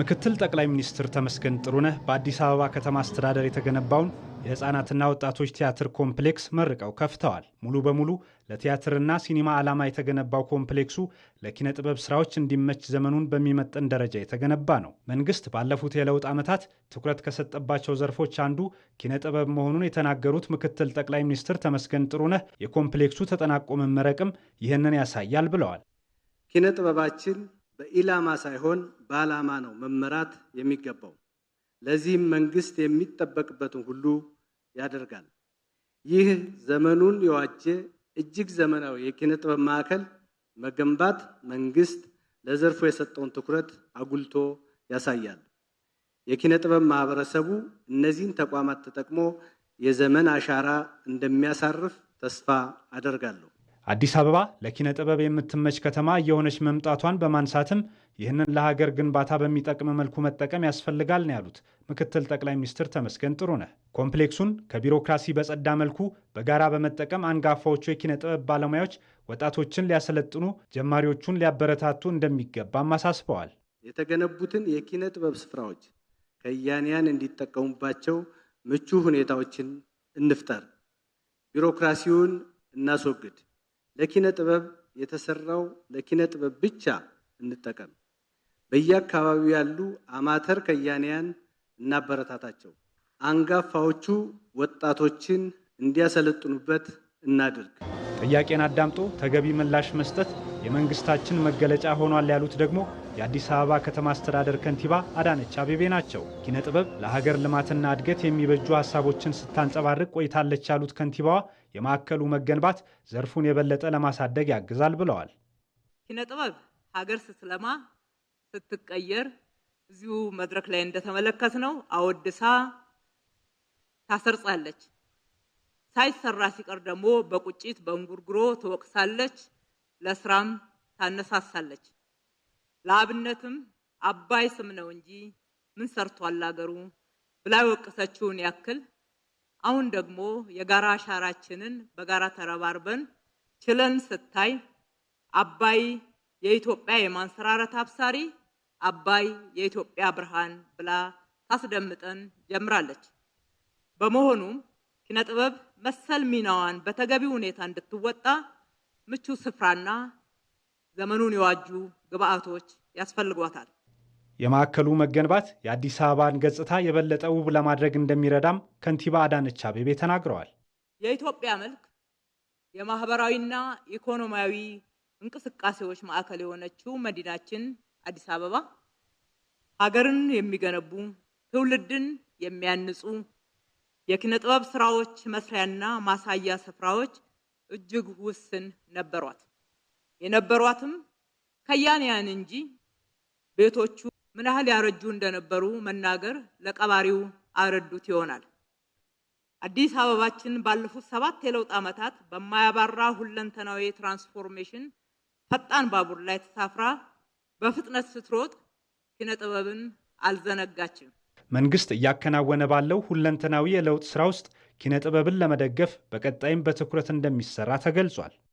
ምክትል ጠቅላይ ሚኒስትር ተመስገን ጥሩነህ በአዲስ አበባ ከተማ አስተዳደር የተገነባውን የህፃናትና ወጣቶች ቲያትር ኮምፕሌክስ መርቀው ከፍተዋል። ሙሉ በሙሉ ለቲያትርና ሲኒማ ዓላማ የተገነባው ኮምፕሌክሱ ለኪነ ጥበብ ስራዎች እንዲመች ዘመኑን በሚመጠን ደረጃ የተገነባ ነው። መንግስት ባለፉት የለውጥ ዓመታት ትኩረት ከሰጠባቸው ዘርፎች አንዱ ኪነ ጥበብ መሆኑን የተናገሩት ምክትል ጠቅላይ ሚኒስትር ተመስገን ጥሩነህ የኮምፕሌክሱ ተጠናቆ መመረቅም ይህንን ያሳያል ብለዋል። ኪነ ጥበባችን በኢላማ ሳይሆን በዓላማ ነው መመራት የሚገባው። ለዚህም መንግስት የሚጠበቅበትን ሁሉ ያደርጋል። ይህ ዘመኑን የዋጀ እጅግ ዘመናዊ የኪነ ጥበብ ማዕከል መገንባት መንግስት ለዘርፉ የሰጠውን ትኩረት አጉልቶ ያሳያል። የኪነ ጥበብ ማህበረሰቡ እነዚህን ተቋማት ተጠቅሞ የዘመን አሻራ እንደሚያሳርፍ ተስፋ አደርጋለሁ። አዲስ አበባ ለኪነ ጥበብ የምትመች ከተማ እየሆነች መምጣቷን በማንሳትም ይህንን ለሀገር ግንባታ በሚጠቅም መልኩ መጠቀም ያስፈልጋል ነው ያሉት ምክትል ጠቅላይ ሚኒስትር ተመስገን ጥሩነህ። ኮምፕሌክሱን ከቢሮክራሲ በጸዳ መልኩ በጋራ በመጠቀም አንጋፋዎቹ የኪነ ጥበብ ባለሙያዎች ወጣቶችን ሊያሰለጥኑ፣ ጀማሪዎቹን ሊያበረታቱ እንደሚገባም አሳስበዋል። የተገነቡትን የኪነ ጥበብ ስፍራዎች ከያንያን እንዲጠቀሙባቸው ምቹ ሁኔታዎችን እንፍጠር፣ ቢሮክራሲውን እናስወግድ ለኪነ ጥበብ የተሰራው ለኪነ ጥበብ ብቻ እንጠቀም። በየአካባቢው ያሉ አማተር ከያንያን እናበረታታቸው። አንጋፋዎቹ ወጣቶችን እንዲያሰለጥኑበት እናድርግ። ጥያቄን አዳምጦ ተገቢ ምላሽ መስጠት የመንግስታችን መገለጫ ሆኗል ያሉት ደግሞ የአዲስ አበባ ከተማ አስተዳደር ከንቲባ አዳነች አቤቤ ናቸው። ኪነ ጥበብ ለሀገር ልማትና እድገት የሚበጁ ሀሳቦችን ስታንጸባርቅ ቆይታለች ያሉት ከንቲባዋ የማዕከሉ መገንባት ዘርፉን የበለጠ ለማሳደግ ያግዛል ብለዋል። ኪነ ጥበብ ሀገር ስትለማ ስትቀየር እዚሁ መድረክ ላይ እንደተመለከት ነው አወድሳ ታሰርጻለች። ሳይሰራ ሲቀር ደግሞ በቁጭት በእንጉርጉሮ ትወቅሳለች። ለስራም ታነሳሳለች። ለአብነትም አባይ ስም ነው እንጂ ምን ሰርቷል አገሩ ብላ የወቀሰችውን ያክል አሁን ደግሞ የጋራ አሻራችንን በጋራ ተረባርበን ችለን ስታይ አባይ የኢትዮጵያ የማንሰራረት አብሳሪ፣ አባይ የኢትዮጵያ ብርሃን ብላ ታስደምጠን ጀምራለች። በመሆኑም ኪነጥበብ መሰል ሚናዋን በተገቢ ሁኔታ እንድትወጣ ምቹ ስፍራና ዘመኑን የዋጁ ግብአቶች ያስፈልጓታል። የማዕከሉ መገንባት የአዲስ አበባን ገጽታ የበለጠ ውብ ለማድረግ እንደሚረዳም ከንቲባ አዳነች አቤቤ ተናግረዋል። የኢትዮጵያ መልክ የማህበራዊና ኢኮኖሚያዊ እንቅስቃሴዎች ማዕከል የሆነችው መዲናችን አዲስ አበባ ሀገርን የሚገነቡ ትውልድን የሚያንጹ የኪነ ጥበብ ስራዎች መስሪያና ማሳያ ስፍራዎች እጅግ ውስን ነበሯት። የነበሯትም ከያንያን እንጂ ቤቶቹ ምን ያህል ያረጁ እንደነበሩ መናገር ለቀባሪው አረዱት ይሆናል። አዲስ አበባችን ባለፉት ሰባት የለውጥ ዓመታት በማያባራ ሁለንተናዊ ትራንስፎርሜሽን ፈጣን ባቡር ላይ ተሳፍራ በፍጥነት ስትሮጥ ኪነ ጥበብን አልዘነጋችም። መንግስት እያከናወነ ባለው ሁለንተናዊ የለውጥ ስራ ውስጥ ኪነ ጥበብን ለመደገፍ በቀጣይም በትኩረት እንደሚሰራ ተገልጿል።